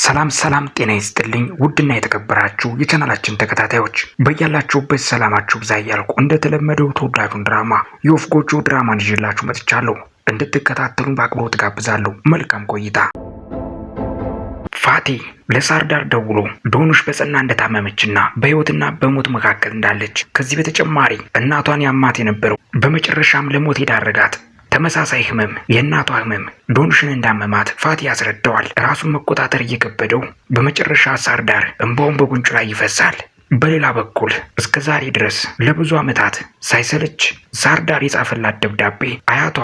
ሰላም ሰላም፣ ጤና ይስጥልኝ ውድና የተከበራችሁ የቻናላችን ተከታታዮች በያላችሁበት ሰላማችሁ ብዛ እያልኩ እንደተለመደው ተወዳጁን ድራማ የወፍ ጎጆ ድራማን ይዤላችሁ መጥቻለሁ። እንድትከታተሉን በአክብሮት ጋብዛለሁ። መልካም ቆይታ። ፋቴ ለሳርዳር ደውሎ ዶኑሽ በጸና እንደታመመችና በሕይወትና በሞት መካከል እንዳለች ከዚህ በተጨማሪ እናቷን ያማት የነበረው በመጨረሻም ለሞት የዳረጋት ተመሳሳይ ህመም፣ የእናቷ ህመም ዶንሽን እንዳመማት ፋቲ ያስረዳዋል። ራሱን መቆጣጠር እየከበደው በመጨረሻ ሳርዳር እንባውን በጉንጩ ላይ ይፈሳል። በሌላ በኩል እስከ ዛሬ ድረስ ለብዙ ዓመታት ሳይሰለች ሳርዳር የጻፈላት ደብዳቤ አያቷ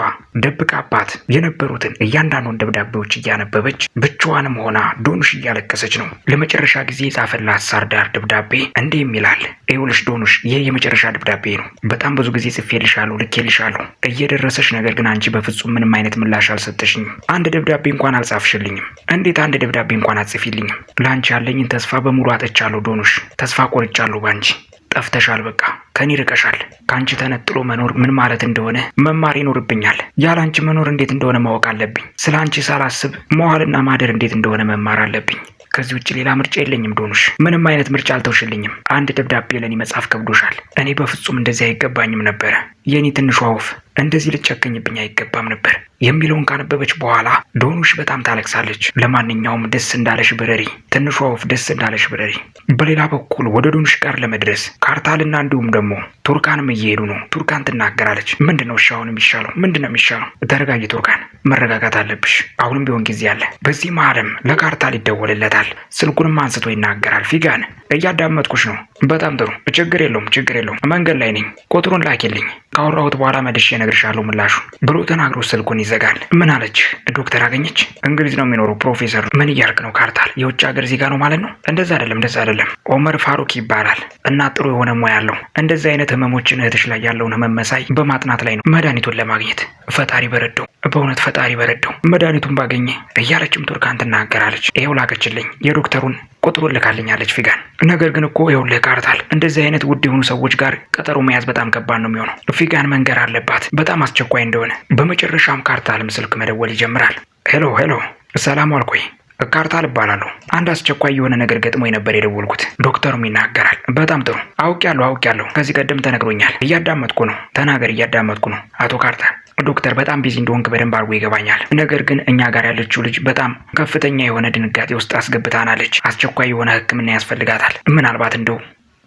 ደብቃባት የነበሩትን እያንዳንዱን ደብዳቤዎች እያነበበች ብቻዋንም ሆና ዶኑሽ እያለቀሰች ነው። ለመጨረሻ ጊዜ የጻፈላት ሳርዳር ደብዳቤ እንዲህ የሚላል ይኸውልሽ ዶኑሽ፣ ይህ የመጨረሻ ደብዳቤ ነው። በጣም ብዙ ጊዜ ጽፌልሻለሁ፣ ልኬልሻለሁ እየደረሰሽ ነገር ግን አንቺ በፍጹም ምንም አይነት ምላሽ አልሰጠሽኝም። አንድ ደብዳቤ እንኳን አልጻፍሽልኝም። እንዴት አንድ ደብዳቤ እንኳን አጽፊልኝም? ለአንቺ ያለኝን ተስፋ በሙሉ አጥቻለሁ ዶኑሽ፣ ተስፋ ቆርጫለሁ ባንቺ ጠፍተሻል። በቃ ከኔ ርቀሻል። ከአንቺ ተነጥሎ መኖር ምን ማለት እንደሆነ መማር ይኖርብኛል። ያለ አንቺ መኖር እንዴት እንደሆነ ማወቅ አለብኝ። ስለ አንቺ ሳላስብ መዋልና ማደር እንዴት እንደሆነ መማር አለብኝ። ከዚህ ውጭ ሌላ ምርጫ የለኝም። ዶኑሽ፣ ምንም አይነት ምርጫ አልተውሽልኝም። አንድ ደብዳቤ ለእኔ መጻፍ ከብዶሻል። እኔ በፍጹም እንደዚህ አይገባኝም ነበረ። የኔ ትንሿ ወፍ እንደዚህ ልቸገኝብኝ አይገባም ነበር የሚለውን ካነበበች በኋላ ዶኑሽ በጣም ታለቅሳለች። ለማንኛውም ደስ እንዳለሽ ብረሪ፣ ትንሿ ወፍ ደስ እንዳለሽ ብረሪ። በሌላ በኩል ወደ ዶኑሽ ጋር ለመድረስ ካርታልና እንዲሁም ደግሞ ቱርካንም እየሄዱ ነው። ቱርካን ትናገራለች። ምንድነው ነው አሁን የሚሻለው ነው የሚሻለው? ተረጋጊ ቱርካን፣ መረጋጋት አለብሽ። አሁንም ቢሆን ጊዜ አለ። በዚህ መሀልም ለካርታል ይደወልለታል። ስልኩንም አንስቶ ይናገራል። ፊጋን እያዳመጥኩሽ ነው። በጣም ጥሩ ችግር የለውም ችግር የለውም መንገድ ላይ ነኝ። ቁጥሩን ላኪልኝ ካወራሁት በኋላ መልሼ እነግርሻለሁ ምላሹ ብሎ ተናግሮ ስልኩን ይዘጋል። ምን አለች? ዶክተር አገኘች? እንግሊዝ ነው የሚኖረው ፕሮፌሰር። ምን እያልክ ነው ካርታል? የውጭ ሀገር ዜጋ ነው ማለት ነው? እንደዛ አይደለም፣ እንደዛ አይደለም። ኦመር ፋሩክ ይባላል እና ጥሩ የሆነ ሙያ ያለው እንደዚህ አይነት ህመሞችን እህትሽ ላይ ያለውን ህመም መሳይ በማጥናት ላይ ነው መድኃኒቱን ለማግኘት ፈጣሪ በረዳው በእውነት ፈጣሪ በረዳው መድኃኒቱን ባገኘ እያለችም ቱርካን ትናገራለች። ይኸው ላከችልኝ የዶክተሩን ቁጥሩን ልካልኛለች ፊጋን። ነገር ግን እኮ ይኸውልህ ካርታል፣ እንደዚህ አይነት ውድ የሆኑ ሰዎች ጋር ቀጠሮ መያዝ በጣም ከባድ ነው የሚሆነው። ፊጋን መንገር አለባት በጣም አስቸኳይ እንደሆነ። በመጨረሻም ካርታልም ስልክ መደወል ይጀምራል። ሄሎ ሄሎ፣ ሰላም አልኩኝ ካርታል እባላለሁ። አንድ አስቸኳይ የሆነ ነገር ገጥሞ ነበር የደወልኩት። ዶክተሩም ይናገራል። በጣም ጥሩ አውቅ ያለሁ አውቅ ያለሁ ከዚህ ቀደም ተነግሮኛል። እያዳመጥኩ ነው። ተናገር፣ እያዳመጥኩ ነው አቶ ካርታል። ዶክተር በጣም ቢዚ እንደሆንክ በደንብ አድርጎ ይገባኛል። ነገር ግን እኛ ጋር ያለችው ልጅ በጣም ከፍተኛ የሆነ ድንጋጤ ውስጥ አስገብታናለች። አስቸኳይ የሆነ ሕክምና ያስፈልጋታል። ምናልባት እንደው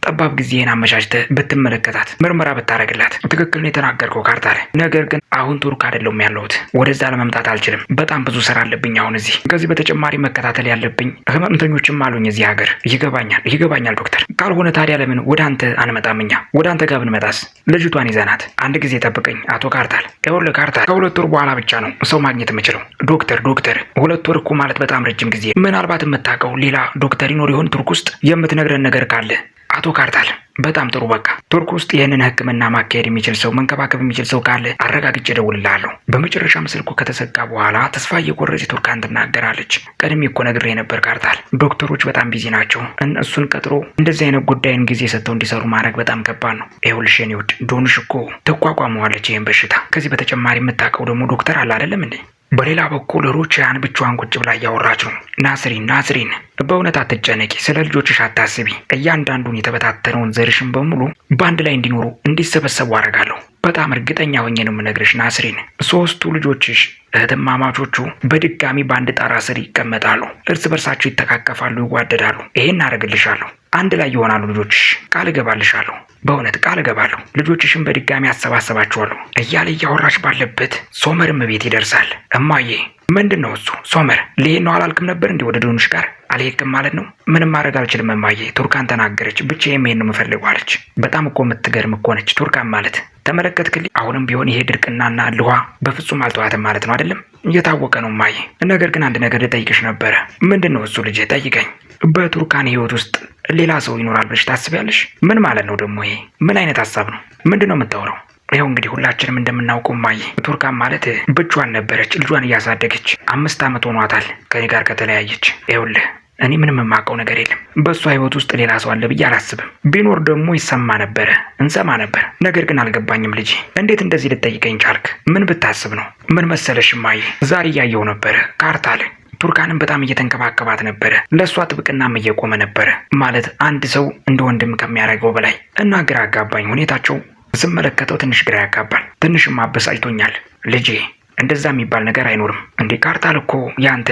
ጠባብ ጊዜን አመቻችተህ ብትመለከታት ምርመራ ብታደርግላት ትክክልን የተናገርከው ካርታል። ነገር ግን አሁን ቱርክ አይደለሁም ያለሁት፣ ወደዛ ለመምጣት አልችልም። በጣም ብዙ ስራ አለብኝ አሁን እዚህ። ከዚህ በተጨማሪ መከታተል ያለብኝ ህመምተኞችም አሉኝ እዚህ ሀገር። ይገባኛል ይገባኛል ዶክተር። ካልሆነ ታዲያ ለምን ወደ አንተ አንመጣም? እኛ ወደ አንተ ጋር ብንመጣስ? ልጅቷን ይዘናት። አንድ ጊዜ ጠብቀኝ አቶ ካርታል። ይኸውልህ ካርታል፣ ከሁለት ወር በኋላ ብቻ ነው ሰው ማግኘት የምችለው። ዶክተር ዶክተር፣ ሁለት ወር እኮ ማለት በጣም ረጅም ጊዜ። ምናልባት የምታውቀው ሌላ ዶክተር ይኖር ይሆን ቱርክ ውስጥ? የምትነግረን ነገር ካለ አቶ ካርታል በጣም ጥሩ። በቃ ቱርክ ውስጥ ይህንን ህክምና ማካሄድ የሚችል ሰው መንከባከብ የሚችል ሰው ካለ አረጋግጬ እደውልልሃለሁ። በመጨረሻም ስልኩ ከተዘጋ በኋላ ተስፋ እየቆረጽ ቱርካን ትናገራለች። ቀድሜ እኮ ነግሬህ ነበር ካርታል፣ ዶክተሮች በጣም ቢዚ ናቸው። እሱን ቀጥሮ እንደዚህ አይነት ጉዳይን ጊዜ ሰጥተው እንዲሰሩ ማድረግ በጣም ከባድ ነው። ይኸውልሽ የኔ ውድ ዶንሽ እኮ ትቋቋመዋለች ይህን በሽታ። ከዚህ በተጨማሪ የምታውቀው ደግሞ ዶክተር አለ አይደለም እንዴ? በሌላ በኩል ሩቺያን ብቻዋን ቁጭ ብላ እያወራች ነው። ናስሪን ናስሪን፣ በእውነት አትጨነቂ፣ ስለ ልጆችሽ አታስቢ። እያንዳንዱን የተበታተነውን ዘርሽን በሙሉ በአንድ ላይ እንዲኖሩ እንዲሰበሰቡ አደርጋለሁ። በጣም እርግጠኛ ሆኜ ነው የምነግርሽ ናስሪን። ሶስቱ ልጆችሽ እህትማማቾቹ በድጋሚ በአንድ ጣራ ስር ይቀመጣሉ። እርስ በርሳቸው ይተቃቀፋሉ፣ ይዋደዳሉ። ይሄን አደርግልሻለሁ። አንድ ላይ ይሆናሉ ልጆችሽ። ቃል እገባልሻለሁ፣ በእውነት ቃል እገባለሁ። ልጆችሽን በድጋሚ አሰባሰባችኋለሁ እያለ እያወራች ባለበት ሶመርም ቤት ይደርሳል። እማዬ ምንድን ነው እሱ? ሶመር ልሄድ ነው አላልክም ነበር እንዲህ ወደ ድኑሽ ጋር አልሄድክም ማለት ነው? ምንም ማድረግ አልችልም እማዬ፣ ቱርካን ተናገረች። ብቻ መሄድ ነው የምፈልገው አለች። በጣም እኮ የምትገርም እኮ ነች ቱርካን ማለት ተመለከትክልኝ። አሁንም ቢሆን ይሄ ድርቅናና ልዋ በፍጹም አልተዋትም ማለት ነው አይደለም? እየታወቀ ነው እማዬ። ነገር ግን አንድ ነገር ልጠይቅሽ ነበረ። ምንድን ነው እሱ? ልጄ ጠይቀኝ። በቱርካን ህይወት ውስጥ ሌላ ሰው ይኖራል ብለሽ ታስቢያለሽ? ምን ማለት ነው ደግሞ ይሄ? ምን አይነት ሀሳብ ነው? ምንድን ነው የምታወራው? ይኸው እንግዲህ ሁላችንም እንደምናውቀው ማየ ቱርካን ማለት ብቿን ነበረች። ልጇን እያሳደገች አምስት ዓመት ሆኗታል ከኔ ጋር ከተለያየች። ይኸውልህ እኔ ምንም የማውቀው ነገር የለም። በእሷ ህይወት ውስጥ ሌላ ሰው አለ ብዬ አላስብም። ቢኖር ደግሞ ይሰማ ነበረ፣ እንሰማ ነበር። ነገር ግን አልገባኝም። ልጅ እንዴት እንደዚህ ልጠይቀኝ ቻልክ? ምን ብታስብ ነው? ምን መሰለሽ ማየ ዛሬ እያየው ነበረ ካርታል ቱርካንም በጣም እየተንከባከባት ነበረ። ለእሷ ጥብቅናም እየቆመ ነበረ። ማለት አንድ ሰው እንደ ወንድም ከሚያደርገው በላይ እና ግራ አጋባኝ ሁኔታቸው ስመለከተው ትንሽ ግራ ያጋባል። ትንሽም አበሳጭቶኛል። ልጄ እንደዛ የሚባል ነገር አይኖርም እንዴ! ካርታል እኮ ያንተ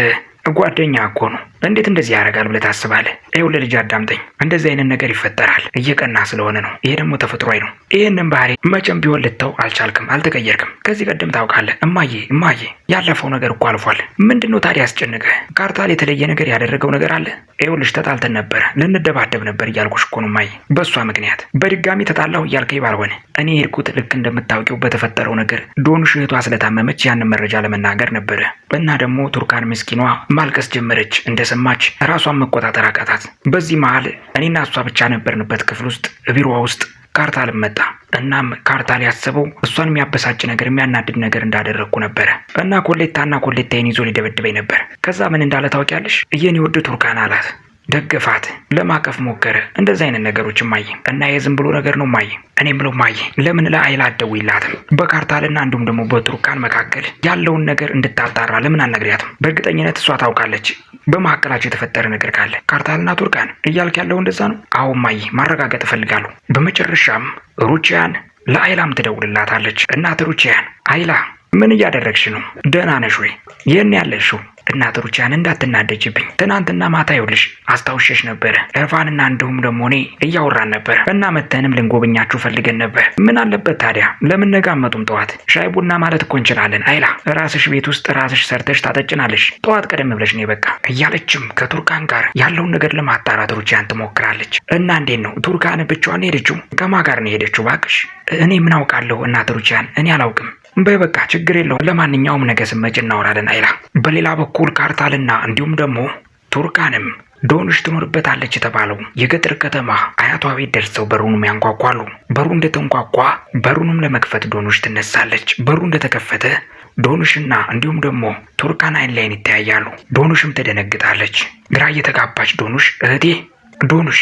ጓደኛ እኮ ነው። እንዴት እንደዚህ ያደርጋል ብለህ ታስባለህ? ይኸውልህ ልጅ አዳምጠኝ፣ እንደዚህ አይነት ነገር ይፈጠራል። እየቀና ስለሆነ ነው። ይሄ ደግሞ ተፈጥሯዊ ነው። ይህንን ባህሪ መቼም ቢሆን ልተው አልቻልክም፣ አልተቀየርክም። ከዚህ ቀደም ታውቃለህ። እማዬ እማዬ፣ ያለፈው ነገር እኮ አልፏል። ምንድን ነው ታዲያ ያስጨንቀህ? ካርታል የተለየ ነገር ያደረገው ነገር አለ? ይኸውልሽ ተጣልተን ነበረ፣ ልንደባደብ ነበር እያልኩሽ እኮ ነው እማዬ። በእሷ ምክንያት በድጋሚ ተጣላሁ እያልከኝ ባልሆነ እኔ ሄድኩት ልክ እንደምታውቂው በተፈጠረው ነገር ዶንሽ እህቷ ስለታመመች ያንን መረጃ ለመናገር ነበረ እና ደግሞ ቱርካን ምስኪኗ ማልቀስ ጀመረች። እንደሰማች ራሷን መቆጣጠር አቃታት። በዚህ መሀል እኔና እሷ ብቻ ነበርንበት ክፍል ውስጥ ቢሮዋ ውስጥ ካርታል መጣ። እናም ካርታል ያሰበው እሷን የሚያበሳጭ ነገር የሚያናድድ ነገር እንዳደረግኩ ነበረ እና ኮሌታና ኮሌታዬን ይዞ ሊደበድበኝ ነበር። ከዛ ምን እንዳለ ታውቂያለሽ? እየኔ ወደ ቱርካን አላት። ደገፋት፣ ለማቀፍ ሞከረ። እንደዚህ አይነት ነገሮች ማየ እና የዝም ብሎ ነገር ነው ማየ እኔ ምለው ማየ ለምን ለአይላ አደውላትም በካርታልና እንዲሁም ደግሞ በቱርካን መካከል ያለውን ነገር እንድታጣራ ለምን አልነግሪያትም? በእርግጠኝነት እሷ ታውቃለች። በመካከላቸው የተፈጠረ ነገር ካለ ካርታልና ቱርካን እያልክ ያለው እንደዛ ነው? አሁን ማየ ማረጋገጥ እፈልጋለሁ። በመጨረሻም ሩቺያን ለአይላም ትደውልላታለች። እናት ሩቺያን አይላ ምን እያደረግሽ ነው? ደህና ነሽ ወይ? የት ነው ያለሽው? እናት ሩቻን እንዳትናደጅብኝ ትናንትና ማታ ይውልሽ አስታውሸሽ ነበረ። እርፋንና እንዲሁም ደግሞ እኔ እያወራን ነበር እና መተንም ልንጎብኛችሁ ፈልገን ነበር። ምን አለበት ታዲያ ለምን ነገ ጠዋት ሻይ ቡና ማለት እኮ እንችላለን። አይላ ራስሽ ቤት ውስጥ ራስሽ ሰርተሽ ታጠጭናለሽ። ጠዋት ቀደም ብለሽ ነው በቃ እያለችም ከቱርካን ጋር ያለውን ነገር ለማጣራት ሩቻን ትሞክራለች። እና እንዴት ነው ቱርካን ብቻዋን ሄደችው? ከማ ጋር ነው የሄደችው? እባክሽ እኔ ምን አውቃለሁ እናት ሩቻን እኔ አላውቅም። በይ በቃ ችግር የለውም። ለማንኛውም ነገ ስመጭ እናወራለን አይላ። በሌላ በኩል ካርታልና እንዲሁም ደግሞ ቱርካንም ዶንሽ ትኖርበታለች የተባለው የገጠር ከተማ አያቷ ቤት ደርሰው በሩንም ያንኳኳሉ። በሩ እንደተንኳኳ በሩንም ለመክፈት ዶንሽ ትነሳለች። በሩ እንደተከፈተ ዶንሽና እንዲሁም ደግሞ ቱርካን አይን ላይን ይተያያሉ። ዶንሽም ትደነግጣለች። ግራ እየተጋባች ዶንሽ እህቴ ዶንሽ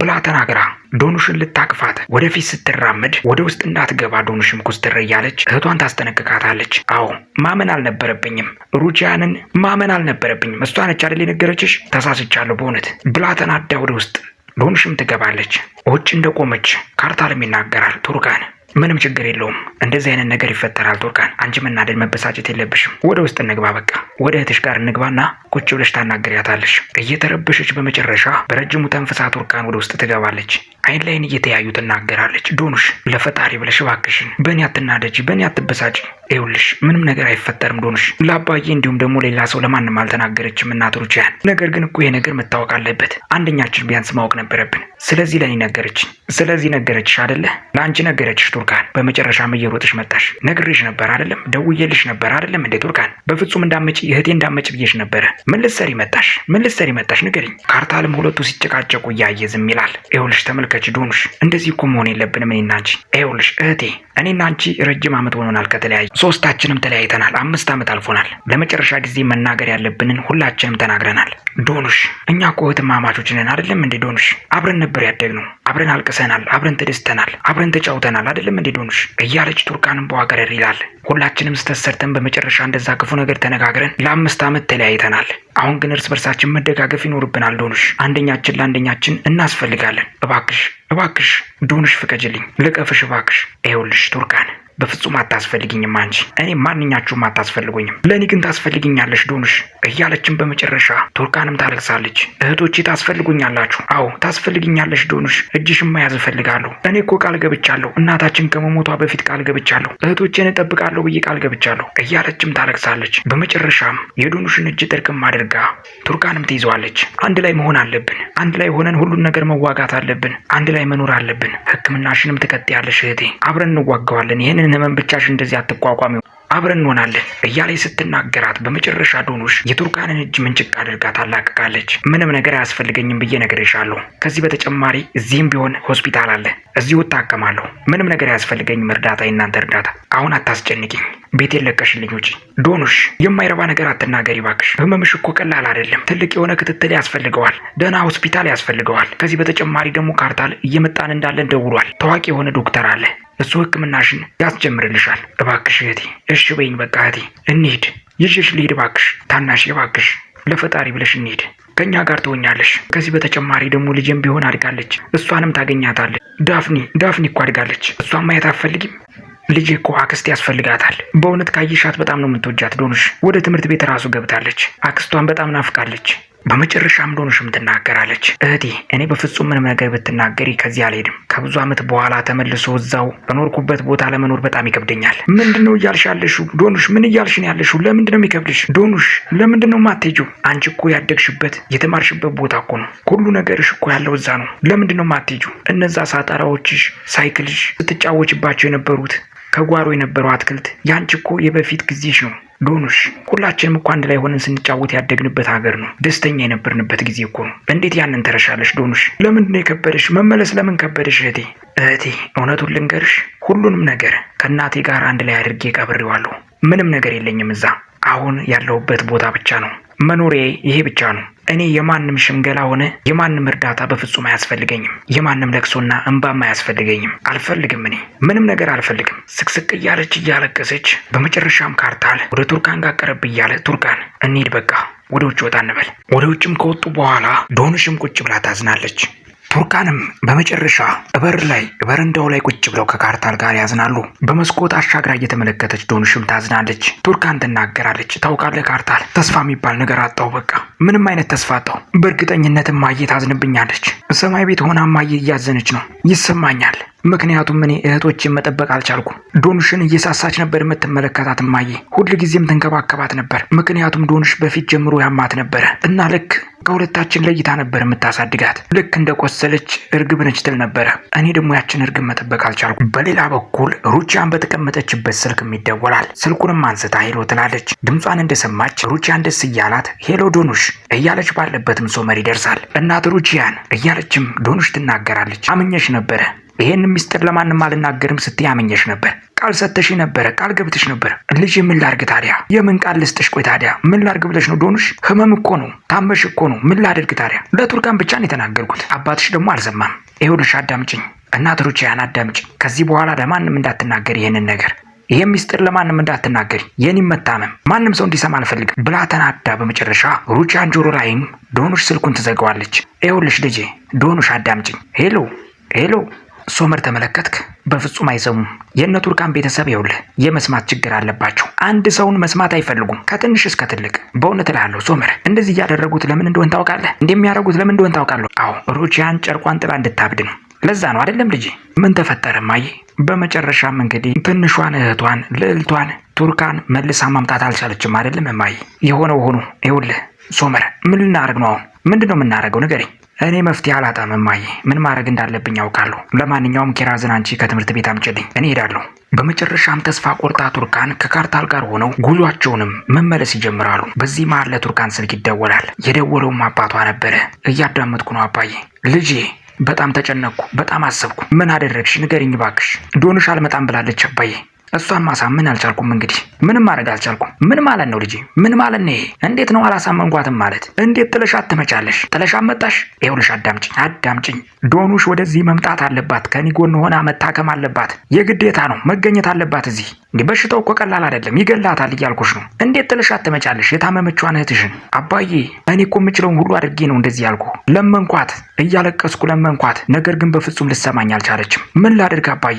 ብላ ተናግራ ዶኑሽን ልታቅፋት ወደፊት ስትራመድ ወደ ውስጥ እንዳትገባ ዶኑሽም ኩስትር እያለች እህቷን ታስጠነቅቃታለች። አዎ ማመን አልነበረብኝም፣ ሩጂያንን ማመን አልነበረብኝም። እሷ ነች አይደል የነገረችሽ? ተሳስቻለሁ በእውነት ብላ ተናዳ ወደ ውስጥ ዶኑሽም ትገባለች። ውጭ እንደቆመች ካርታልም ይናገራል ቱርካን ምንም ችግር የለውም። እንደዚህ አይነት ነገር ይፈጠራል። ቱርካን አንቺ መናደድ፣ መበሳጨት የለብሽም። ወደ ውስጥ እንግባ። በቃ ወደ እህትሽ ጋር እንግባና ቁጭ ብለሽ ታናግሪያታለሽ። እየተረበሸች በመጨረሻ በረጅሙ ተንፍሳ ቱርካን ወደ ውስጥ ትገባለች። አይን ላይን እየተያዩ ትናገራለች። ዶኑሽ ለፈጣሪ ብለሽ እባክሽን በእኔ አትናደጂ፣ በእኔ አትበሳጭ ይኸውልሽ ምንም ነገር አይፈጠርም ዶንሽ ለአባዬ እንዲሁም ደግሞ ሌላ ሰው ለማንም አልተናገረችም እናት ሩቺያን። ነገር ግን እኮ ይሄ ነገር መታወቅ አለበት። አንደኛችን ቢያንስ ማወቅ ነበረብን። ስለዚህ ለእኔ ነገረችኝ። ስለዚህ ነገረችሽ አደለ? ለአንቺ ነገረችሽ ቱርካን። በመጨረሻ እየሮጥሽ መጣሽ። ነግሬሽ ነበር አደለም? ደውዬልሽ ነበር አደለም? እንደ ቱርካን፣ በፍጹም እንዳመጭ እህቴ እንዳመጭ ብዬሽ ነበረ። ምን ልትሰሪ መጣሽ? ምን ልትሰሪ መጣሽ? ንገሪኝ። ካርታልም ሁለቱ ሲጨቃጨቁ እያየ ዝም ይላል። ይኸውልሽ ተመልከች ዶንሽ፣ እንደዚህ እኮ መሆን የለብንም እኔና አንቺ። ይኸውልሽ እህቴ፣ እኔና አንቺ ረጅም ዓመት ሆኖናል ከተለያየ ሶስታችንም ተለያይተናል። አምስት ዓመት አልፎናል። ለመጨረሻ ጊዜ መናገር ያለብንን ሁላችንም ተናግረናል። ዶኑሽ፣ እኛ እኮ እህትማማቾች ነን አይደለም እንዴ? ዶኑሽ፣ አብረን ነበር ያደግነው። አብረን አልቅሰናል፣ አብረን ተደስተናል፣ አብረን ተጫውተናል አይደለም እንዴ? ዶኑሽ እያለች ቱርካንም በዋገረር ይላል። ሁላችንም ስተሰርተን ሰርተን በመጨረሻ እንደዛ ክፉ ነገር ተነጋግረን ለአምስት ዓመት ተለያይተናል። አሁን ግን እርስ በርሳችን መደጋገፍ ይኖርብናል። ዶኑሽ፣ አንደኛችን ለአንደኛችን እናስፈልጋለን። እባክሽ፣ እባክሽ ዶኑሽ ፍቀጅልኝ፣ ልቀፍሽ እባክሽ። ይኸውልሽ ቱርካን በፍጹም አታስፈልግኝም አንቺ እኔ ማንኛችሁም አታስፈልጉኝም፣ ለእኔ ግን ታስፈልግኛለሽ ዶኑሽ እያለችን በመጨረሻ ቱርካንም ታለቅሳለች። እህቶቼ ታስፈልጉኛላችሁ፣ አዎ ታስፈልግኛለሽ ዶኑሽ፣ እጅሽን መያዝ እፈልጋለሁ። እኔ እኮ ቃል ገብቻለሁ፣ እናታችን ከመሞቷ በፊት ቃል ገብቻለሁ፣ እህቶቼን እጠብቃለሁ ብዬ ቃል ገብቻለሁ እያለችም ታለቅሳለች። በመጨረሻም የዶኑሽን እጅ ጥርቅም አድርጋ ቱርካንም ትይዘዋለች። አንድ ላይ መሆን አለብን፣ አንድ ላይ ሆነን ሁሉን ነገር መዋጋት አለብን፣ አንድ ላይ መኖር አለብን። ህክምናሽንም ትቀጥያለሽ እህቴ፣ አብረን እንዋገዋለን ይህንን ይህንን ህመም ብቻሽ እንደዚህ አትቋቋሚ፣ አብረን እንሆናለን እያለች ስትናገራት በመጨረሻ ዶኖሽ የቱርካንን እጅ ምንጭቅ አድርጋ ታላቅቃለች። ምንም ነገር አያስፈልገኝም ብዬ ነግሬሻለሁ። ከዚህ በተጨማሪ እዚህም ቢሆን ሆስፒታል አለ፣ እዚሁ እታከማለሁ። ምንም ነገር አያስፈልገኝም። እርዳታ፣ የእናንተ እርዳታ። አሁን አታስጨንቂኝ። ቤቴን ለቀሽልኝ ውጪ። ዶኑሽ የማይረባ ነገር አትናገሪ ባክሽ። ህመምሽ እኮ ቀላል አይደለም። ትልቅ የሆነ ክትትል ያስፈልገዋል። ደህና ሆስፒታል ያስፈልገዋል። ከዚህ በተጨማሪ ደግሞ ካርታል እየመጣን እንዳለን ደውሏል። ታዋቂ የሆነ ዶክተር አለ። እሱ ህክምናሽን ያስጀምርልሻል። እባክሽ እህቴ፣ እሺ በይኝ። በቃ እህቴ እንሂድ። ይዤሽ ልሂድ እባክሽ። ታናሽ እባክሽ፣ ለፈጣሪ ብለሽ እንሂድ። ከእኛ ጋር ትሆኛለሽ። ከዚህ በተጨማሪ ደግሞ ልጅም ቢሆን አድጋለች። እሷንም ታገኛታለች። ዳፍኒ ዳፍኒ እኮ አድጋለች። እሷን ማየት አትፈልጊም? ልጅ እኮ አክስት ያስፈልጋታል። በእውነት ካየሻት በጣም ነው የምትወጃት። ዶኑሽ ወደ ትምህርት ቤት ራሱ ገብታለች። አክስቷን በጣም ናፍቃለች። በመጨረሻም ዶኑሽም ትናገራለች። እህቴ እኔ በፍጹም ምንም ነገር ብትናገሪ ከዚህ አልሄድም። ከብዙ ዓመት በኋላ ተመልሶ እዛው በኖርኩበት ቦታ ለመኖር በጣም ይከብደኛል። ምንድን ነው እያልሽ ያለሹ? ዶኑሽ ምን እያልሽ ነው ያለሹ? ለምንድን ነው የሚከብድሽ? ዶኑሽ ለምንድን ነው የማትሄጂው? አንቺ እኮ ያደግሽበት የተማርሽበት ቦታ እኮ ነው። ሁሉ ነገርሽ እኮ ያለው እዛ ነው። ለምንድን ነው የማትሄጂው? እነዛ ሳጠራዎችሽ፣ ሳይክልሽ፣ ስትጫወችባቸው የነበሩት ከጓሮ የነበረው አትክልት ያንቺ እኮ የበፊት ጊዜሽ ነው ዶኑሽ ሁላችንም እኮ አንድ ላይ ሆነን ስንጫወት ያደግንበት ሀገር ነው። ደስተኛ የነበርንበት ጊዜ እኮ ነው። እንዴት ያንን ተረሻለሽ ዶኑሽ? ለምንድነው ነው የከበደሽ? መመለስ ለምን ከበደሽ እህቴ? እህቴ እውነቱን ልንገርሽ፣ ሁሉንም ነገር ከእናቴ ጋር አንድ ላይ አድርጌ ቀብሬዋለሁ። ምንም ነገር የለኝም እዛ። አሁን ያለሁበት ቦታ ብቻ ነው መኖሬ፣ ይሄ ብቻ ነው። እኔ የማንም ሽምገላ ሆነ የማንም እርዳታ በፍጹም አያስፈልገኝም። የማንም ለቅሶና እንባም አያስፈልገኝም። አልፈልግም፣ እኔ ምንም ነገር አልፈልግም። ስቅስቅ እያለች እያለቀሰች፣ በመጨረሻም ካርታል ወደ ቱርካን ጋር ቀረብ እያለ ቱርካን እንሂድ በቃ ወደ ውጭ ወጣ እንበል። ወደ ውጭም ከወጡ በኋላ ዶንሽም ቁጭ ብላ ታዝናለች። ቱርካንም በመጨረሻ በር ላይ በረንዳው ላይ ቁጭ ብለው ከካርታል ጋር ያዝናሉ። በመስኮት አሻግራ እየተመለከተች ዶንሽም ታዝናለች። ቱርካን ትናገራለች። ታውቃለህ ካርታል፣ ተስፋ የሚባል ነገር አጣው። በቃ ምንም አይነት ተስፋ አጣው። በእርግጠኝነት ማየ ታዝንብኛለች። ሰማይ ቤት ሆና እማዬ እያዘነች ነው ይሰማኛል። ምክንያቱም እኔ እህቶችን መጠበቅ አልቻልኩም። ዶንሽን እየሳሳች ነበር የምትመለከታት እማዬ ጊዜም ትንከባከባት ነበር። ምክንያቱም ዶንሽ በፊት ጀምሮ ያማት ነበረ እና ልክ ከሁለታችን ለይታ ነበር የምታሳድጋት። ልክ እንደ ቆሰለች እርግብ ነች ትል ነበረ። እኔ ደግሞ ያችን እርግብ መጠበቅ አልቻልኩ በሌላ በኩል ሩቺያን በተቀመጠችበት ስልክም ይደወላል። ስልኩንም አንስታ ሄሎ ትላለች። ድምጿን እንደሰማች ሩቺያን ደስ እያላት ሄሎ ዶኑሽ እያለች ባለበትም ሶመር ይደርሳል። እናት ሩቺያን እያለችም ዶኑሽ ትናገራለች። አምኜሽ ነበረ ይሄን ሚስጥር ለማንም አልናገርም ስትይ አመኘሽ ነበር። ቃል ሰተሽ ነበረ፣ ቃል ገብተሽ ነበር። ልጅ ምን ላርግ ታዲያ? የምን ቃል ልስጥሽ? ቆይ ታዲያ ምን ላርግ ብለሽ ነው? ዶኑሽ ህመም እኮ ነው፣ ታመሽ እኮ ነው። ምን ላደርግ ታዲያ? ለቱርካን ብቻ ነው የተናገርኩት። አባትሽ ደግሞ አልሰማም። ይኸውልሽ አዳምጭኝ፣ እናት ሩቺያን አዳምጭኝ። ከዚህ በኋላ ለማንም እንዳትናገር ይሄንን ነገር ይሄ ሚስጥር ለማንም እንዳትናገሪ፣ የኔ መታመም ማንም ሰው እንዲሰማ አልፈልግም ብላ ተናዳ፣ በመጨረሻ ሩቺያን ጆሮ ላይም ዶኑሽ ስልኩን ትዘጋዋለች። ይኸውልሽ ልጄ ዶኑሽ አዳምጭኝ። ሄሎ ሄሎ ሶመር ተመለከትክ? በፍጹም አይሰሙም። የእነ ቱርካን ቤተሰብ ይኸውልህ የመስማት ችግር አለባቸው። አንድ ሰውን መስማት አይፈልጉም፣ ከትንሽ እስከ ትልቅ። በእውነት እልሃለሁ ሶመር፣ እንደዚህ እያደረጉት ለምን እንደሆን ታውቃለህ? እንደሚያደርጉት ለምን እንደሆን ታውቃለሁ? አዎ ሩቺያን ጨርቋን ጥላ እንድታብድ ነው። ለዛ ነው አይደለም ልጅ? ምን ተፈጠረ ማይ በመጨረሻም እንግዲህ ትንሿን እህቷን ልዕልቷን ቱርካን መልሳ ማምጣት አልቻለችም አይደለም ማዬ? የሆነው ሆኖ ይኸውልህ ሶመር፣ ምን ልናደርግ ነው አሁን? ምንድን ነው የምናደርገው? ንገረኝ እኔ መፍትሄ አላጣም እማዬ፣ ምን ማድረግ እንዳለብኝ አውቃለሁ ለማንኛውም ኪራዝን አንቺ ከትምህርት ቤት አምጪልኝ፣ እኔ ሄዳለሁ። በመጨረሻም ተስፋ ቆርጣ ቱርካን ከካርታል ጋር ሆነው ጉዟቸውንም መመለስ ይጀምራሉ። በዚህ መሀል ለቱርካን ስልክ ይደወላል። የደወለውም አባቷ ነበረ። እያዳመጥኩ ነው አባዬ። ልጄ በጣም ተጨነቅኩ፣ በጣም አሰብኩ። ምን አደረግሽ? ንገሪኝ ባክሽ። ዶንሽ አልመጣም ብላለች አባዬ እሷን ማሳመን አልቻልኩም። እንግዲህ ምንም ማድረግ አልቻልኩም። ምን ማለት ነው ልጄ? ምን ማለት ነው ይሄ? እንዴት ነው አላሳመንኳትም ማለት? እንዴት ጥለሻት ትመጫለሽ? ጥለሻት መጣሽ? ይኸውልሽ፣ አዳምጭኝ፣ አዳምጭኝ። ዶኑሽ ወደዚህ መምጣት አለባት። ከኔ ጎን ሆና መታከም አለባት። የግዴታ ነው፣ መገኘት አለባት እዚህ። እንዲህ በሽታው እኮ ቀላል አይደለም፣ ይገላታል እያልኩሽ ነው። እንዴት ጥለሻት ትመጫለሽ? የታመመቿን እህትሽን። አባዬ፣ እኔ እኮ የምችለውን ሁሉ አድርጌ ነው እንደዚህ ያልኩ። ለመንኳት፣ እያለቀስኩ ለመንኳት። ነገር ግን በፍጹም ልሰማኝ አልቻለችም። ምን ላድርግ አባዬ?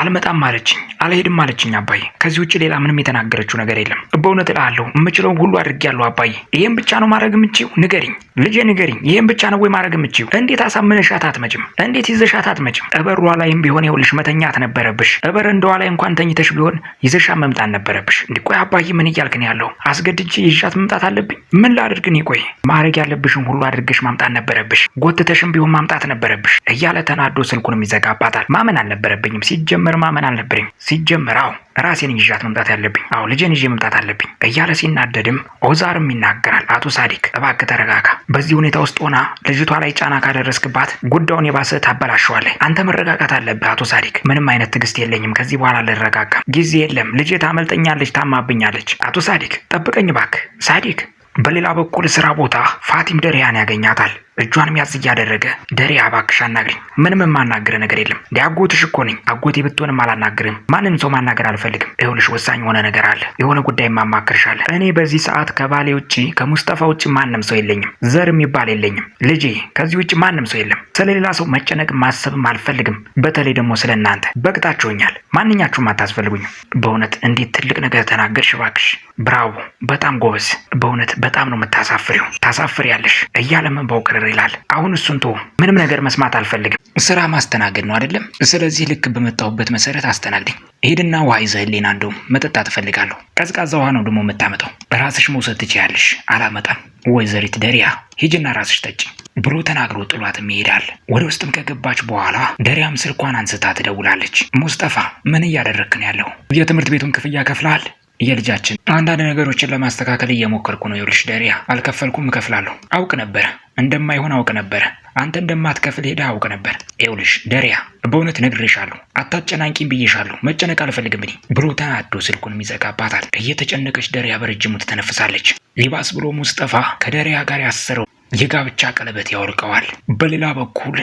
አልመጣም አለችኝ፣ አልሄድም አለችኝ አባዬ። ከዚህ ውጭ ሌላ ምንም የተናገረችው ነገር የለም። በእውነት እልሃለሁ የምችለውን ሁሉ አድርጌያለሁ አባዬ። ይህም ብቻ ነው ማድረግ የምችው? ንገሪኝ ልጄ ንገሪኝ፣ ይህም ብቻ ነው ወይ ማድረግ የምችው? እንዴት አሳምነሻት አትመጭም? እንዴት ይዘሻት አትመጭም? እበሯ ላይም ቢሆን ይኸውልሽ መተኛት ነበረብሽ። እንደዋ ላይ እንኳን ተኝተሽ ቢሆን ይዘሻ መምጣት ነበረብሽ። እንዲ ቆይ አባዬ ምን እያልክ ነው ያለው? አስገድጄ ይዣት መምጣት አለብኝ? ምን ላድርግ እኔ? ቆይ ማድረግ ያለብሽን ሁሉ አድርገሽ ማምጣት ነበረብሽ። ጎትተሽም ቢሆን ማምጣት ነበረብሽ እያለ ተናዶ ስልኩንም ይዘጋባታል። ማመን አልነበረብኝም ሲጀመር ሲጀመር ማመን አልነበረኝ። ሲጀመር አዎ ራሴን ይዣት መምጣት ያለብኝ፣ አዎ ልጄን ይዤ መምጣት አለብኝ እያለ ሲናደድም ኦዛርም ይናገራል። አቶ ሳዲክ እባክህ ተረጋጋ። በዚህ ሁኔታ ውስጥ ሆና ልጅቷ ላይ ጫና ካደረስክባት ጉዳዩን የባሰ ታበላሸዋለህ። አንተ መረጋጋት አለብህ አቶ ሳዲክ። ምንም አይነት ትዕግስት የለኝም። ከዚህ በኋላ አልረጋጋም። ጊዜ የለም። ልጄ ታመልጠኛለች፣ ታማብኛለች። አቶ ሳዲክ ጠብቀኝ እባክህ ሳዲክ በሌላ በኩል ስራ ቦታ ፋቲም ደሪያን ያገኛታል። እጇን ያዝ እያደረገ ደሪያ እባክሽ አናግሪኝ፣ ምንም ማናገረ ነገር የለም ዲያጎትሽ እኮ ነኝ። አጎቴ ብትሆንም አላናግርም። ማንም ሰው ማናገር አልፈልግም። ይኸውልሽ ወሳኝ የሆነ ነገር አለ፣ የሆነ ጉዳይ ማማክርሻለ። እኔ በዚህ ሰዓት ከባሌ ውጭ ከሙስጠፋ ውጭ ማንም ሰው የለኝም፣ ዘር የሚባል የለኝም። ልጄ ከዚህ ውጭ ማንም ሰው የለም። ስለሌላ ሰው መጨነቅ ማሰብም አልፈልግም። በተለይ ደግሞ ስለ እናንተ በቅታችሁኛል። ማንኛችሁም አታስፈልጉኝም። በእውነት እንዴት ትልቅ ነገር ተናገርሽ! እባክሽ ብራቮ፣ በጣም ጎበዝ፣ በእውነት በጣም ነው የምታሳፍሪው፣ ታሳፍሪያለሽ እያለ ምንባው ቅርር ይላል። አሁን እሱን ቶ ምንም ነገር መስማት አልፈልግም። ስራ ማስተናገድ ነው አይደለም? ስለዚህ ልክ በመጣሁበት መሰረት አስተናግድኝ። ሄድና ውሃ ይዘህልኝ፣ እንደም መጠጣት እፈልጋለሁ። ቀዝቃዛ ውሃ ነው ደግሞ የምታመጣው። ራስሽ መውሰድ ትችያለሽ። አላመጣም። ወይዘሪት ደሪያ ሂጅና ራስሽ ጠጪ ብሎ ተናግሮ ጥሏትም ይሄዳል። ወደ ውስጥም ከገባች በኋላ ደሪያም ስልኳን አንስታ ትደውላለች። ሙስጠፋ ምን እያደረግክ ነው ያለው? የትምህርት ቤቱን ክፍያ ከፍለሃል? የልጃችን አንዳንድ ነገሮችን ለማስተካከል እየሞከርኩ ነው። ይኸውልሽ ደሪያ፣ አልከፈልኩም፣ እከፍላለሁ። አውቅ ነበረ፣ እንደማይሆን አውቅ ነበረ። አንተ እንደማትከፍል ሄደህ አውቅ ነበር። ይኸውልሽ ደሪያ፣ በእውነት ነግሬሻለሁ፣ አታጨናንቂም ብዬሻለሁ። መጨነቅ አልፈልግም እኔ ብሎ ተናዶ ስልኩንም ይዘጋባታል። እየተጨነቀች ደሪያ በረጅሙ ትተነፍሳለች። ይባስ ብሎ ሙስጠፋ ከደሪያ ጋር ያሰረው የጋብቻ ቀለበት ያወልቀዋል። በሌላ በኩል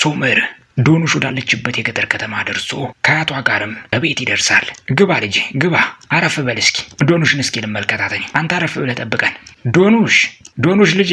ሶመር ዶኑሽ ወዳለችበት የገጠር ከተማ ደርሶ ከአያቷ ጋርም በቤት ይደርሳል። ግባ ልጄ ግባ፣ አረፍ በል እስኪ። ዶኑሽን እስኪ ልመልከታተኝ፣ አንተ አረፍ ብለህ ጠብቀን። ዶኑሽ ዶኑሽ፣ ልጄ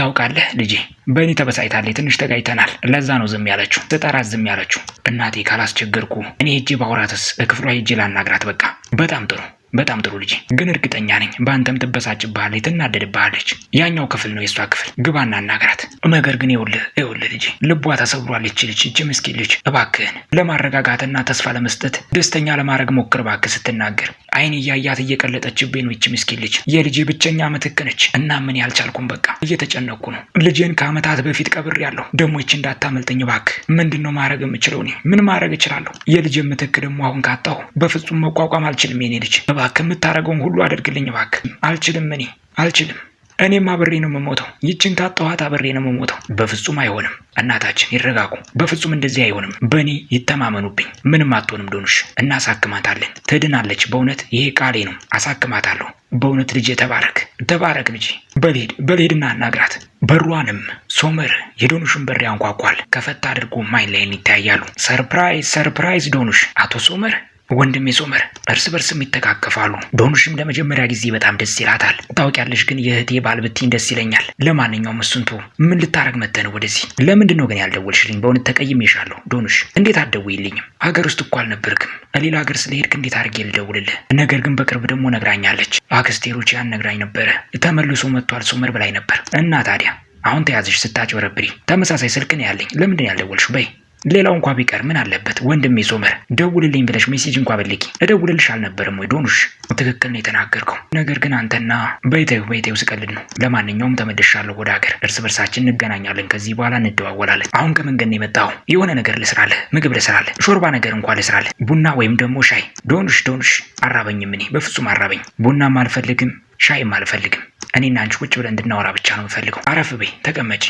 ታውቃለህ፣ ልጄ በእኔ ተበሳጭታለች። ትንሽ ተጋጭተናል። ለዛ ነው ዝም ያለችው፣ ስጠራት ዝም ያለችው። እናቴ ካላስቸገርኩ እኔ ሄጄ ባውራትስ፣ ክፍሏ ሄጄ ላናግራት። በቃ በጣም ጥሩ በጣም ጥሩ ልጅ ግን እርግጠኛ ነኝ በአንተም ትበሳጭብሃለች፣ ትናደድብሃለች። ያኛው ክፍል ነው የእሷ ክፍል፣ ግባና እናገራት። ነገር ግን ይኸውልህ ይኸውልህ ልጅ ልቧ ተሰብሯል። ይች ልጅ እጅ ምስኪን ልጅ እባክህን ለማረጋጋትና ተስፋ ለመስጠት ደስተኛ ለማድረግ ሞክር እባክህ። ስትናገር አይን እያያት እየቀለጠችብኝ ነው። ይች ምስኪን ልጅ የልጄ ብቸኛ ምትክ ነች እና ምን ያልቻልኩም፣ በቃ እየተጨነቅኩ ነው። ልጄን ከዓመታት በፊት ያለሁ ደግሞ ይች እንዳታመልጠኝ እባክህ። ምንድን ነው ማድረግ የምችለው እኔ? ምን ማድረግ እችላለሁ? የልጄ ምትክ ደግሞ አሁን ካጣሁ በፍጹም መቋቋም አልችልም። የኔ ልጅ እባክህ የምታደርገውን ሁሉ አድርግልኝ እባክህ። አልችልም፣ እኔ አልችልም። እኔም አብሬ ነው የምሞተው። ይችን ታጠዋት አብሬ ነው የምሞተው። በፍጹም አይሆንም። እናታችን ይረጋጉ። በፍጹም እንደዚህ አይሆንም። በእኔ ይተማመኑብኝ። ምንም አትሆንም ዶኑሽ። እናሳክማታለን። ትድናለች። በእውነት ይሄ ቃሌ ነው። አሳክማታለሁ። በእውነት ልጄ ተባረክ፣ ተባረክ ልጄ። በልሄድ በልሄድና አናግራት። በሯንም ሶመር የዶኑሽን በር ያንኳኳል። ከፈታ አድርጎ ማይን ላይን ይታያሉ። ሰርፕራይዝ፣ ሰርፕራይዝ ዶኑሽ። አቶ ሶመር ወንድሜ ሶመር እርስ በርስም ይተቃቀፋሉ። ዶኑሽም ለመጀመሪያ ጊዜ በጣም ደስ ይላታል። ታውቂያለሽ ግን የእህቴ ባል ብትይኝ ደስ ይለኛል። ለማንኛውም እሱን ተው። ምን ልታረግ መተህ ወደዚህ? ለምንድን ነው ግን ያልደወልሽልኝ? በእውነት ተቀይሜሻለሁ። ዶኑሽ እንዴት አትደውይልኝም? ሀገር ውስጥ እኮ አልነበርክም። ሌላ ሀገር ስለሄድክ እንዴት አድርጌ ልደውልልህ? ነገር ግን በቅርብ ደግሞ ነግራኛለች። አክስቴሮች ያን ነግራኝ ነበረ። ተመልሶ መጥቷል ሶመር ብላኝ ነበር። እና ታዲያ አሁን ተያዝሽ ስታጭበረብሪ። ተመሳሳይ ስልክ ነው ያለኝ። ለምንድን ያልደወልሽው? በይ ሌላው እንኳ ቢቀር ምን አለበት ወንድሜ ሶመር፣ ደውልልኝ ብለሽ ሜሴጅ እንኳ በልኪ እደውልልሽ አልነበረም ወይ? ዶኑሽ ትክክል ነው የተናገርከው ነገር ግን አንተና በይተዩ በይተዩ ስቀልድ ነው። ለማንኛውም ተመልሻለሁ ወደ ሀገር፣ እርስ በርሳችን እንገናኛለን። ከዚህ በኋላ እንደዋወላለን። አሁን ከመንገድ ነው የመጣው። የሆነ ነገር ልስራለ ምግብ ልስራለ ሾርባ ነገር እንኳ ልስራለ ቡና ወይም ደግሞ ሻይ። ዶኑሽ ዶኑሽ፣ አራበኝም እኔ በፍጹም አራበኝ። ቡናም አልፈልግም ሻይም አልፈልግም። እኔና አንቺ ቁጭ ብለን እንድናወራ ብቻ ነው የምፈልገው። አረፍ በይ ተቀመጭ።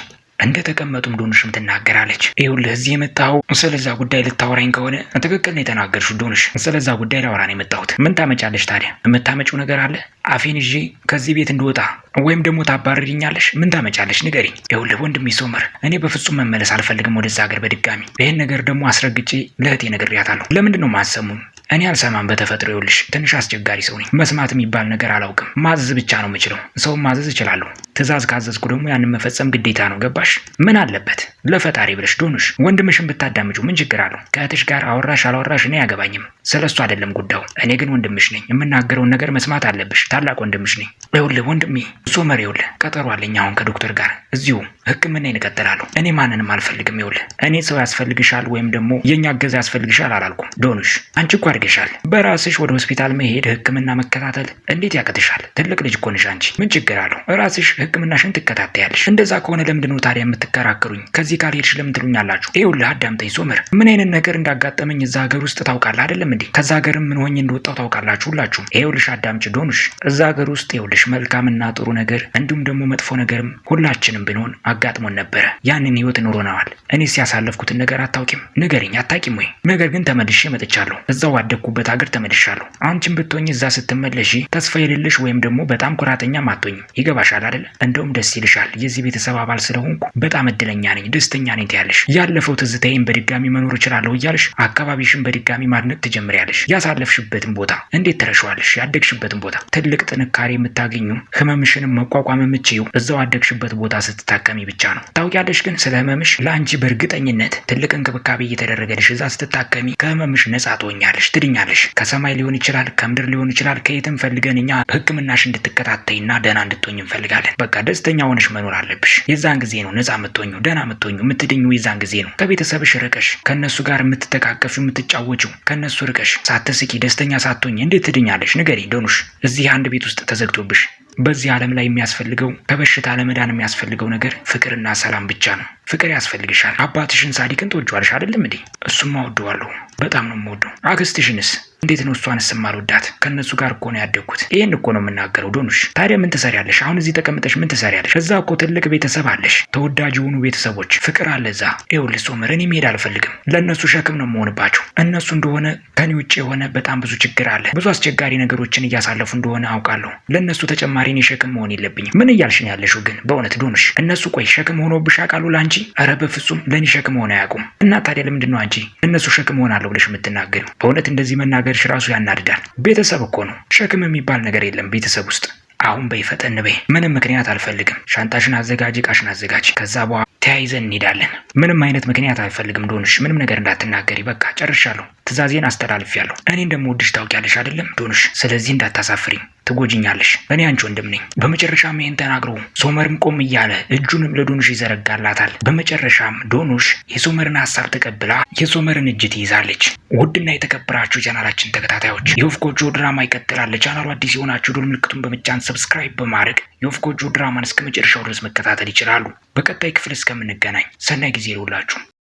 እንደተቀመጡም ዶንሽም ትናገራለች። ይኸውልህ እዚህ የመጣኸው ስለዛ ጉዳይ ልታወራኝ ከሆነ ትክክል ነው የተናገርሽው ዶንሽ፣ ስለዛ ጉዳይ ላወራ ነው የመጣሁት። ምን ታመጫለሽ ታዲያ? የምታመጪው ነገር አለ? አፌን ይዤ ከዚህ ቤት እንድወጣ ወይም ደግሞ ታባርሪኛለሽ? ምን ታመጫለሽ? ንገሪኝ። ይኸውልህ ወንድሜ ሶመር፣ እኔ በፍጹም መመለስ አልፈልግም ወደዛ ሀገር በድጋሚ። ይህን ነገር ደግሞ አስረግጬ ለእህቴ ነግሬያታለሁ። ለምንድን ነው ማሰሙም እኔ አልሰማም። በተፈጥሮ ይኸውልሽ ትንሽ አስቸጋሪ ሰው ነኝ። መስማት የሚባል ነገር አላውቅም። ማዘዝ ብቻ ነው የምችለው። ሰውም ማዘዝ እችላለሁ። ትዛዝ ካዘዝኩ ደግሞ ያንን መፈጸም ግዴታ ነው። ገባሽ? ምን አለበት ለፈጣሪ ብለሽ ዶኑሽ ወንድምሽን ብታዳምጩ ምን ችግር አለው? ከእህትሽ ጋር አወራሽ አላወራሽ እኔ አያገባኝም። ስለ እሱ አይደለም ጉዳዩ። እኔ ግን ወንድምሽ ነኝ። የምናገረውን ነገር መስማት አለብሽ። ታላቅ ወንድምሽ ነኝ። ይኸውልህ ወንድሜ ሶመር፣ ይኸውልህ ቀጠሮ አለኝ አሁን ከዶክተር ጋር እዚሁ ህክምና ይንቀጥላሉ። እኔ ማንንም አልፈልግም። ይውል እኔ ሰው ያስፈልግሻል ወይም ደግሞ የእኛ እገዛ ያስፈልግሻል አላልኩም። ዶኑሽ አንቺ እኮ አድገሻል። በራስሽ ወደ ሆስፒታል መሄድ፣ ህክምና መከታተል እንዴት ያቅትሻል? ትልቅ ልጅ እኮ ነሽ አንቺ። ምን ችግር አለው? ራስሽ ህክምናሽን ትከታተያለሽ። እንደዛ ከሆነ ለምንድን ነው ታዲያ የምትከራከሩኝ? ከዚህ ጋር ሄድሽ ለምን ትሉኛላችሁ? ይኸውልህ አዳምጠኝ ሶመር፣ ምን አይነት ነገር እንዳጋጠመኝ እዛ ሀገር ውስጥ ታውቃለህ አይደለም እንዴ? ከዛ ሀገርም ምን ሆኜ እንደወጣው ታውቃላችሁ ሁላችሁም። ይኸውልሽ አዳምጭ ዶኑሽ፣ እዛ ሀገር ውስጥ ይኸውልሽ መልካምና ጥሩ ነገር እንዲሁም ደግሞ መጥፎ ነገርም ሁላችንም ብንሆን አጋጥሞን ነበረ። ያንን ህይወት ኑሮነዋል። እኔስ ሲያሳለፍኩትን ነገር አታውቂም? ንገሪኝ፣ አታውቂም ወይ? ነገር ግን ተመልሼ መጥቻለሁ። እዛው ባደግኩበት ሀገር ተመልሻለሁ። አንቺም ብትሆኝ እዛ ስትመለሺ ተስፋ የሌለሽ ወይም ደግሞ በጣም ኩራተኛ አትሆኝም። ይገባሻል አይደል? እንደውም ደስ ይልሻል። የዚህ ቤተሰብ አባል ስለሆንኩ በጣም እድለኛ ነኝ፣ ደስተኛ ነኝ ትያለሽ። ያለፈው ትዝታዬን በድጋሚ መኖር እችላለሁ እያልሽ አካባቢሽን በድጋሚ ማድነቅ ትጀምሪያለሽ። ያሳለፍሽበትን ቦታ እንዴት ትረሻዋለሽ? ያደግሽበትን ቦታ ትልቅ ጥንካሬ የምታገኙ ህመምሽንም መቋቋም የምትችይው እዛው አደግሽበት ቦታ ስትታከሚ አጋጣሚ ብቻ ነው። ታውቂያለሽ ግን ስለ ህመምሽ ለአንቺ በእርግጠኝነት ትልቅ እንክብካቤ እየተደረገልሽ እዛ ስትታከሚ ከህመምሽ ነጻ ትሆኛለሽ፣ ትድኛለሽ። ከሰማይ ሊሆን ይችላል፣ ከምድር ሊሆን ይችላል፣ ከየትም ፈልገን እኛ ህክምናሽ እንድትከታተይና ደህና እንድትሆኝ እንፈልጋለን። በቃ ደስተኛ ሆነሽ መኖር አለብሽ። የዛን ጊዜ ነው ነጻ የምትሆኙ፣ ደህና የምትሆኙ፣ የምትድኙ የዛን ጊዜ ነው። ከቤተሰብሽ ርቀሽ ከእነሱ ጋር የምትተቃቀፊ የምትጫወችው ከእነሱ ርቀሽ ሳትስቂ ደስተኛ ሳትሆኝ እንዴት ትድኛለሽ? ንገሪ ደኑሽ። እዚህ አንድ ቤት ውስጥ ተዘግቶብሽ በዚህ ዓለም ላይ የሚያስፈልገው ከበሽታ ለመዳን የሚያስፈልገው ነገር ፍቅርና ሰላም ብቻ ነው። ፍቅር ያስፈልግሻል። አባትሽን ሳዲቅን ትወጂዋለሽ አይደለም እንዴ? እሱማ እወደዋለሁ። በጣም ነው የምወደው። አክስትሽንስ እንዴት ነው እሷን ስማልወዳት? ከእነሱ ጋር እኮ ነው ያደግኩት። ይህን እኮ ነው የምናገረው። ዶኑሽ ታዲያ ምን ትሰሪያለሽ? አሁን እዚህ ተቀምጠሽ ምን ትሰሪያለሽ? እዛ እኮ ትልቅ ቤተሰብ አለሽ፣ ተወዳጅ የሆኑ ቤተሰቦች፣ ፍቅር አለ እዛ። ይኸውልሽ ሶመር፣ እኔ መሄድ አልፈልግም። ለእነሱ ሸክም ነው የምሆንባቸው። እነሱ እንደሆነ ከኔ ውጭ የሆነ በጣም ብዙ ችግር አለ፣ ብዙ አስቸጋሪ ነገሮችን እያሳለፉ እንደሆነ አውቃለሁ። ለእነሱ ተጨማሪ እኔ ሸክም መሆን የለብኝም። ምን እያልሽ ነው ያለሽው? ግን በእውነት ዶኑሽ፣ እነሱ ቆይ ሸክም ሆኖብሽ አውቃሉ ለአንቺ? ኧረ በፍጹም ለእኔ ሸክም ሆነ አያውቁም። እና ታዲያ ለምንድን ነው አንቺ እነሱ ሸክም ሆናለሁ ብለሽ የምትናገሪው? በእውነት እንደዚህ መናገር መናገርሽ ራሱ ያናድዳል። ቤተሰብ እኮ ነው። ሸክም የሚባል ነገር የለም ቤተሰብ ውስጥ። አሁን በይ ፈጠን በይ። ምንም ምክንያት አልፈልግም። ሻንጣሽን አዘጋጅ፣ እቃሽን አዘጋጅ። ከዛ በኋላ ተያይዘን እንሄዳለን። ምንም አይነት ምክንያት አልፈልግም። ዶንሽ ምንም ነገር እንዳትናገሪ። በቃ ጨርሻለሁ። ትዕዛዜን አስተላልፌያለሁ። እኔ እንደምወድሽ ታውቂያለሽ አይደለም ዶንሽ? ስለዚህ እንዳታሳፍሪም ትጎጅኛለሽ። እኔ አንቺ ወንድም ነኝ። በመጨረሻም ይህን ተናግሮ ሶመርም ቆም እያለ እጁንም ለዶኑሽ ይዘረጋላታል። በመጨረሻም ዶኑሽ የሶመርን ሀሳብ ተቀብላ የሶመርን እጅ ትይዛለች። ውድና የተከበራችሁ ቻናላችን ተከታታዮች የወፍ ጎጆ ድራማ ይቀጥላል። ቻናሉ አዲስ የሆናችሁ ዶል ምልክቱን በመጫን ሰብስክራይብ በማድረግ የወፍ ጎጆ ድራማን እስከ መጨረሻው ድረስ መከታተል ይችላሉ። በቀጣይ ክፍል እስከምንገናኝ ሰናይ ጊዜ ይሁንላችሁ።